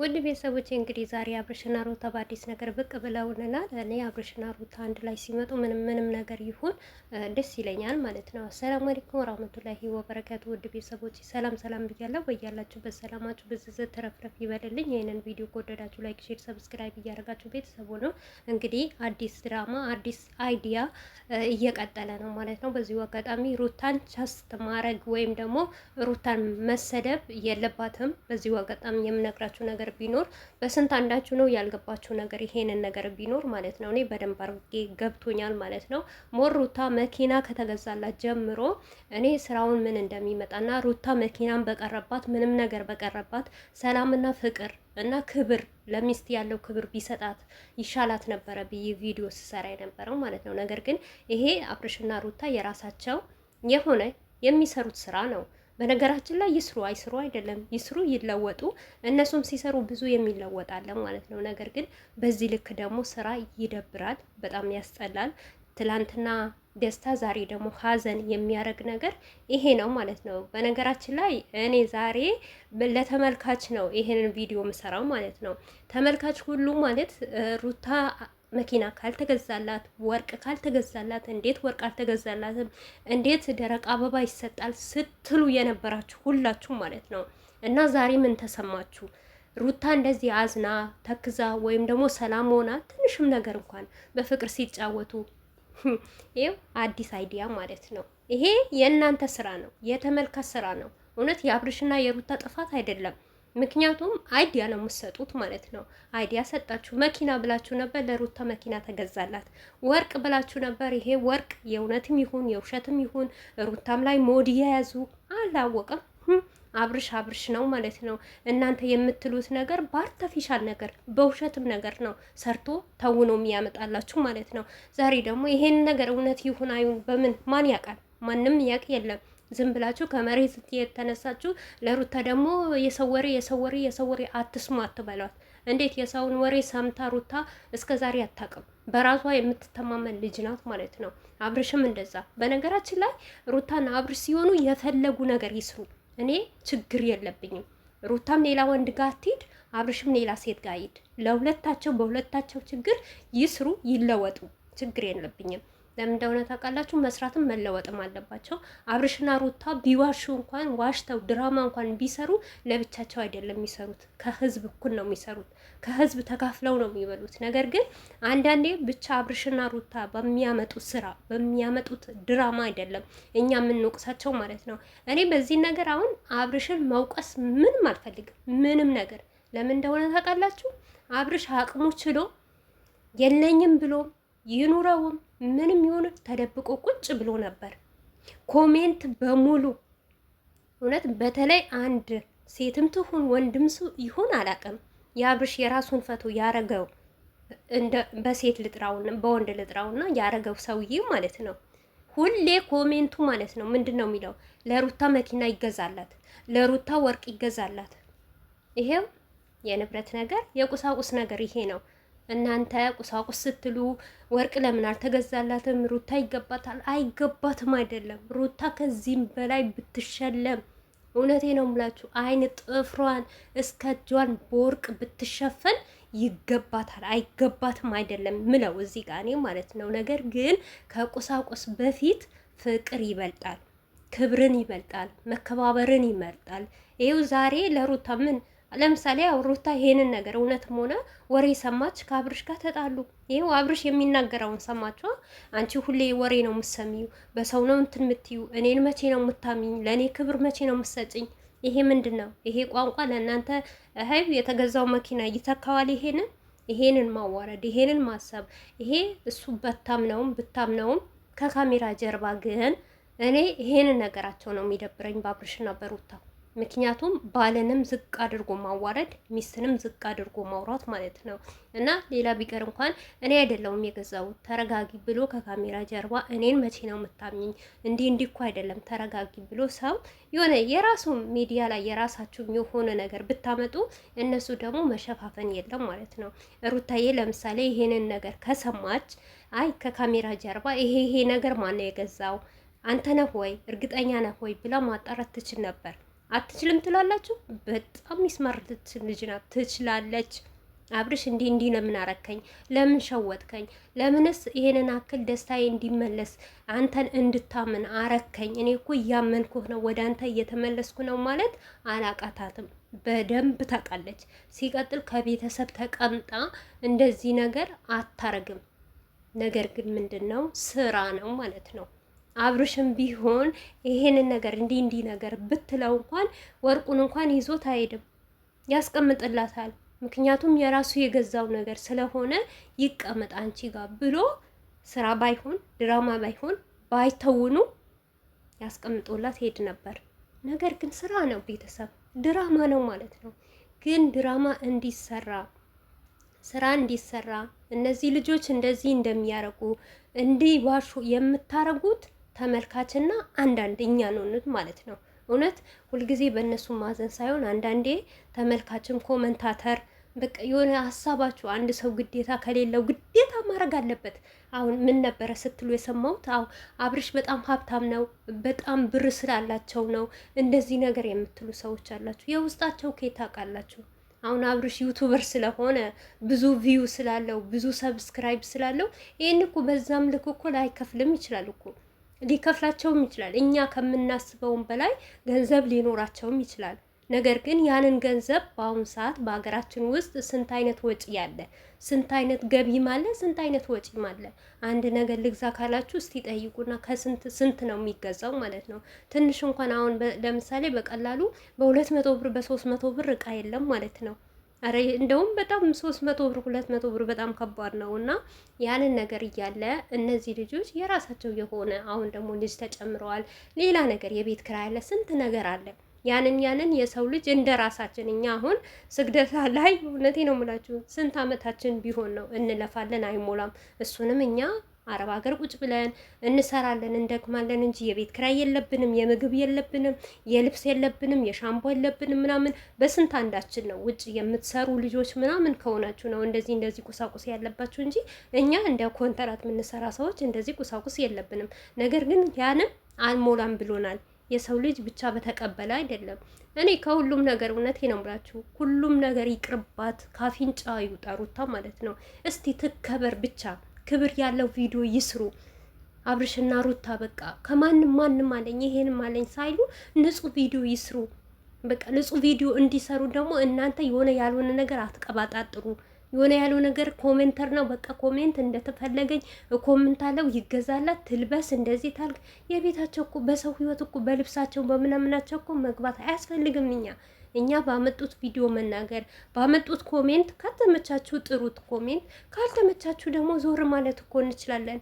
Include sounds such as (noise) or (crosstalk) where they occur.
ውድ ቤተሰቦች እንግዲህ ዛሬ አብርሽና ሩታ በአዲስ ነገር ብቅ ብለውልናል። እኔ አብርሽና ሩታ አንድ ላይ ሲመጡ ምንም ምንም ነገር ይሁን ደስ ይለኛል ማለት ነው። አሰላሙ አለይኩም ወራህመቱላሂ ወበረካቱ። ውድ ቤተሰቦች ሰላም ሰላም ብያለሁ። በያላችሁበት በሰላማችሁ ብዝዝት ተረፍረፍ ይበልልኝ። ይህንን ቪዲዮ ከወደዳችሁ ላይክ፣ ሼር፣ ሰብስክራይብ እያደረጋችሁ ቤተሰቡ ነው እንግዲህ አዲስ ድራማ አዲስ አይዲያ እየቀጠለ ነው ማለት ነው። በዚሁ አጋጣሚ ሩታን ቻስት ማድረግ ወይም ደግሞ ሩታን መሰደብ የለባትም። በዚሁ አጋጣሚ የምነግራችሁ ነገር ነገር ቢኖር በስንት አንዳችሁ ነው ያልገባችሁ ነገር ይሄንን ነገር ቢኖር ማለት ነው እኔ በደንብ አርጌ ገብቶኛል ማለት ነው። ሞር ሩታ መኪና ከተገዛላት ጀምሮ እኔ ስራውን ምን እንደሚመጣና ሩታ መኪናን በቀረባት ምንም ነገር በቀረባት ሰላምና ፍቅር እና ክብር ለሚስት ያለው ክብር ቢሰጣት ይሻላት ነበረ ብዬ ቪዲዮ ስሰራ የነበረው ማለት ነው። ነገር ግን ይሄ አብርሽና ሩታ የራሳቸው የሆነ የሚሰሩት ስራ ነው። በነገራችን ላይ ይስሩ አይስሩ አይደለም፣ ይስሩ ይለወጡ። እነሱም ሲሰሩ ብዙ የሚለወጣለ ማለት ነው። ነገር ግን በዚህ ልክ ደግሞ ስራ ይደብራል፣ በጣም ያስጠላል። ትላንትና ደስታ ዛሬ ደግሞ ሀዘን የሚያደርግ ነገር ይሄ ነው ማለት ነው። በነገራችን ላይ እኔ ዛሬ ለተመልካች ነው ይሄንን ቪዲዮ ምሰራው ማለት ነው። ተመልካች ሁሉ ማለት ሩታ መኪና ካልተገዛላት፣ ወርቅ ካልተገዛላት፣ እንዴት ወርቅ አልተገዛላትም፣ እንዴት ደረቅ አበባ ይሰጣል ስትሉ የነበራችሁ ሁላችሁ ማለት ነው። እና ዛሬ ምን ተሰማችሁ? ሩታ እንደዚህ አዝና ተክዛ ወይም ደግሞ ሰላም ሆና ትንሽም ነገር እንኳን በፍቅር ሲጫወቱ (laughs) ይኸው አዲስ አይዲያ ማለት ነው። ይሄ የእናንተ ስራ ነው፣ የተመልካች ስራ ነው። እውነት የአብርሽና የሩታ ጥፋት አይደለም። ምክንያቱም አይዲያ ነው የምትሰጡት ማለት ነው። አይዲያ ሰጣችሁ። መኪና ብላችሁ ነበር፣ ለሩታ መኪና ተገዛላት። ወርቅ ብላችሁ ነበር፣ ይሄ ወርቅ የእውነትም ይሁን የውሸትም ይሁን ሩታም ላይ ሞድ የያዙ አላወቀም። አብርሽ አብርሽ ነው ማለት ነው። እናንተ የምትሉት ነገር በአርተፊሻል ነገር በውሸትም ነገር ነው ሰርቶ ተውኖ የሚያመጣላችሁ ማለት ነው። ዛሬ ደግሞ ይሄን ነገር እውነት ይሁን አይሁን በምን ማን ያውቃል? ማንም ያውቅ የለም። ዝም ብላችሁ ከመሬት የተነሳችሁ ለሩታ ደግሞ የሰው ወሬ የሰው ወሬ የሰው ወሬ አትስሙ አትበሏት። እንዴት የሰውን ወሬ ሰምታ ሩታ እስከ ዛሬ አታውቅም። በራሷ የምትተማመን ልጅ ናት ማለት ነው። አብርሽም እንደዛ። በነገራችን ላይ ሩታና አብርሽ ሲሆኑ የፈለጉ ነገር ይስሩ፣ እኔ ችግር የለብኝም። ሩታም ሌላ ወንድ ጋር አትሂድ፣ አብርሽም ሌላ ሴት ጋር ሂድ። ለሁለታቸው በሁለታቸው ችግር ይስሩ፣ ይለወጡ፣ ችግር የለብኝም። ለምን እንደሆነ ታውቃላችሁ? መስራትም መለወጥም አለባቸው። አብርሽና ሩታ ቢዋሹ እንኳን ዋሽተው ድራማ እንኳን ቢሰሩ ለብቻቸው አይደለም የሚሰሩት፣ ከህዝብ እኩል ነው የሚሰሩት፣ ከህዝብ ተካፍለው ነው የሚበሉት። ነገር ግን አንዳንዴ ብቻ አብርሽና ሩታ በሚያመጡት ስራ በሚያመጡት ድራማ አይደለም እኛ የምንወቅሳቸው ማለት ነው። እኔ በዚህ ነገር አሁን አብርሽን መውቀስ ምንም አልፈልግም፣ ምንም ነገር ለምን እንደሆነ ታውቃላችሁ? አብርሽ አቅሙ ችሎ የለኝም ብሎ ይኑረውም ምንም ይሁን ተደብቆ ቁጭ ብሎ ነበር። ኮሜንት በሙሉ እውነት በተለይ አንድ ሴትም ትሁን ወንድም ይሁን አላውቅም የአብርሽ የራሱን ፈቶ ያረገው እንደ በሴት ልጥራውና በወንድ ልጥራውና ያረገው ሰውዬ ማለት ነው። ሁሌ ኮሜንቱ ማለት ነው ምንድን ነው የሚለው? ለሩታ መኪና ይገዛላት፣ ለሩታ ወርቅ ይገዛላት። ይሄው የንብረት ነገር የቁሳቁስ ነገር ይሄ ነው። እናንተ ቁሳቁስ ስትሉ ወርቅ ለምን አልተገዛላትም? ሩታ ይገባታል። አይገባትም አይደለም ሩታ ከዚህም በላይ ብትሸለም፣ እውነቴ ነው የምላችሁ አይን ጥፍሯን እስከ እጇን በወርቅ ብትሸፈን ይገባታል። አይገባትም አይደለም ምለው እዚህ ጋር እኔ ማለት ነው። ነገር ግን ከቁሳቁስ በፊት ፍቅር ይበልጣል፣ ክብርን ይበልጣል፣ መከባበርን ይመርጣል። ይኸው ዛሬ ለሩታ ምን ለምሳሌ አውሮታ ይሄንን ነገር እውነትም ሆነ ወሬ ሰማች፣ ከአብርሽ ጋር ተጣሉ። ይሄው አብርሽ የሚናገረውን ሰማችሁ። አንቺ ሁሌ ወሬ ነው የምትሰሚው፣ በሰው ነው እንትን የምትዩ፣ እኔን መቼ ነው የምታምኝ? ለእኔ ክብር መቼ ነው የምትሰጭኝ? ይሄ ምንድን ነው? ይሄ ቋንቋ ለእናንተ ህብ የተገዛው መኪና ይተካዋል? ይሄንን ይሄንን ማዋረድ፣ ይሄንን ማሰብ፣ ይሄ እሱ በታምነውም ብታምነውም ከካሜራ ጀርባ ግን እኔ ይሄንን ነገራቸው ነው የሚደብረኝ በአብርሽና በሩታ ምክንያቱም ባልንም ዝቅ አድርጎ ማዋረድ ሚስትንም ዝቅ አድርጎ ማውራት ማለት ነው። እና ሌላ ቢቀር እንኳን እኔ አይደለውም የገዛው ተረጋጊ ብሎ ከካሜራ ጀርባ እኔን መቼ ነው የምታምኝ? እንዲህ እንዲህ እኮ አይደለም ተረጋጊ ብሎ ሰው የሆነ የራሱ ሚዲያ ላይ የራሳችሁ የሆነ ነገር ብታመጡ እነሱ ደግሞ መሸፋፈን የለም ማለት ነው። ሩታዬ ለምሳሌ ይሄንን ነገር ከሰማች አይ ከካሜራ ጀርባ ይሄ ይሄ ነገር ማነው የገዛው አንተ ነህ ወይ እርግጠኛ ነህ ወይ ብላ ማጣራት ትችል ነበር። አትችልም ትላላችሁ። በጣም ሚስማርት ልጅ ናት፣ ትችላለች። አብርሽ እንዲህ እንዲህ ለምን አረከኝ? ለምን ሸወጥከኝ? ለምንስ ይሄንን አክል ደስታዬ እንዲመለስ አንተን እንድታምን አረከኝ? እኔ እኮ እያመንኩህ ነው፣ ወደ አንተ እየተመለስኩ ነው ማለት አላቃታትም። በደንብ ታውቃለች። ሲቀጥል ከቤተሰብ ተቀምጣ እንደዚህ ነገር አታረግም። ነገር ግን ምንድን ነው ስራ ነው ማለት ነው። አብርሽም ቢሆን ይሄንን ነገር እንዲህ እንዲህ ነገር ብትለው እንኳን ወርቁን እንኳን ይዞት አይሄድም፣ ያስቀምጥላታል። ምክንያቱም የራሱ የገዛው ነገር ስለሆነ ይቀመጥ አንቺ ጋር ብሎ ስራ ባይሆን ድራማ ባይሆን ባይተውኑ ያስቀምጦላት ሄድ ነበር። ነገር ግን ስራ ነው፣ ቤተሰብ ድራማ ነው ማለት ነው። ግን ድራማ እንዲሰራ ስራ እንዲሰራ እነዚህ ልጆች እንደዚህ እንደሚያረጉ ዋሹ የምታረጉት ተመልካችና አንዳንድ እኛ ነን ማለት ነው። እውነት ሁልጊዜ በእነሱ ማዘን ሳይሆን አንዳንዴ ተመልካችም ኮመንታተር በቃ የሆነ ሀሳባችሁ አንድ ሰው ግዴታ ከሌለው ግዴታ ማድረግ አለበት። አሁን ምን ነበረ ስትሉ የሰማሁት አሁ አብርሽ በጣም ሀብታም ነው፣ በጣም ብር ስላላቸው ነው እንደዚህ ነገር የምትሉ ሰዎች አላችሁ። የውስጣቸው ከየት ታውቃላችሁ? አሁን አብርሽ ዩቱበር ስለሆነ ብዙ ቪው ስላለው ብዙ ሰብስክራይብ ስላለው ይህን እኮ በዛም ልክ እኮ ላይከፍልም ይችላል እኮ ሊከፍላቸውም ይችላል። እኛ ከምናስበውም በላይ ገንዘብ ሊኖራቸውም ይችላል። ነገር ግን ያንን ገንዘብ በአሁኑ ሰዓት በሀገራችን ውስጥ ስንት አይነት ወጪ ያለ፣ ስንት አይነት ገቢም አለ፣ ስንት አይነት ወጪም አለ። አንድ ነገር ልግዛ ካላችሁ እስቲ ጠይቁና ከስንት ስንት ነው የሚገዛው ማለት ነው። ትንሽ እንኳን አሁን ለምሳሌ በቀላሉ በሁለት መቶ ብር በሶስት መቶ ብር እቃ የለም ማለት ነው። አረ እንደውም በጣም ሶስት መቶ ብር ሁለት መቶ ብር በጣም ከባድ ነው። እና ያንን ነገር እያለ እነዚህ ልጆች የራሳቸው የሆነ አሁን ደግሞ ልጅ ተጨምረዋል፣ ሌላ ነገር የቤት ክራይ አለ፣ ስንት ነገር አለ። ያንን ያንን የሰው ልጅ እንደ ራሳችን እኛ አሁን ስግደታ ላይ እውነቴ ነው የምላችሁ ስንት አመታችን ቢሆን ነው እንለፋለን፣ አይሞላም። እሱንም እኛ አረብ ሀገር ቁጭ ብለን እንሰራለን እንደግማለን እንጂ የቤት ክራይ የለብንም፣ የምግብ የለብንም፣ የልብስ የለብንም፣ የሻምፖ የለብንም ምናምን። በስንት አንዳችን ነው ውጭ የምትሰሩ ልጆች ምናምን ከሆናችሁ ነው እንደዚህ እንደዚህ ቁሳቁስ ያለባችሁ እንጂ እኛ እንደ ኮንትራት የምንሰራ ሰዎች እንደዚህ ቁሳቁስ የለብንም። ነገር ግን ያንም አልሞላም ብሎናል። የሰው ልጅ ብቻ በተቀበለ አይደለም። እኔ ከሁሉም ነገር እውነቴ ነው ብላችሁ ሁሉም ነገር ይቅርባት፣ ካፊንጫ ይውጣ ሩታ ማለት ነው። እስቲ ትከበር ብቻ ክብር ያለው ቪዲዮ ይስሩ። አብርሽና ሩታ በቃ ከማንም ማንም አለኝ ይሄንም አለኝ ሳይሉ ንጹህ ቪዲዮ ይስሩ። በቃ ንጹህ ቪዲዮ እንዲሰሩ ደግሞ እናንተ የሆነ ያልሆነ ነገር አትቀባጣጥሩ። የሆነ ያለው ነገር ኮሜንተር ነው። በቃ ኮሜንት እንደተፈለገኝ ኮሜንት አለው ይገዛላት፣ ትልበስ፣ እንደዚህ ታልግ። የቤታቸው እኮ በሰው ህይወት እኮ በልብሳቸው በምናምናቸው እኮ መግባት አያስፈልግም እኛ እኛ ባመጡት ቪዲዮ መናገር ባመጡት ኮሜንት፣ ካልተመቻችሁ ጥሩት ኮሜንት፣ ካልተመቻችሁ ደግሞ ዞር ማለት እኮ እንችላለን።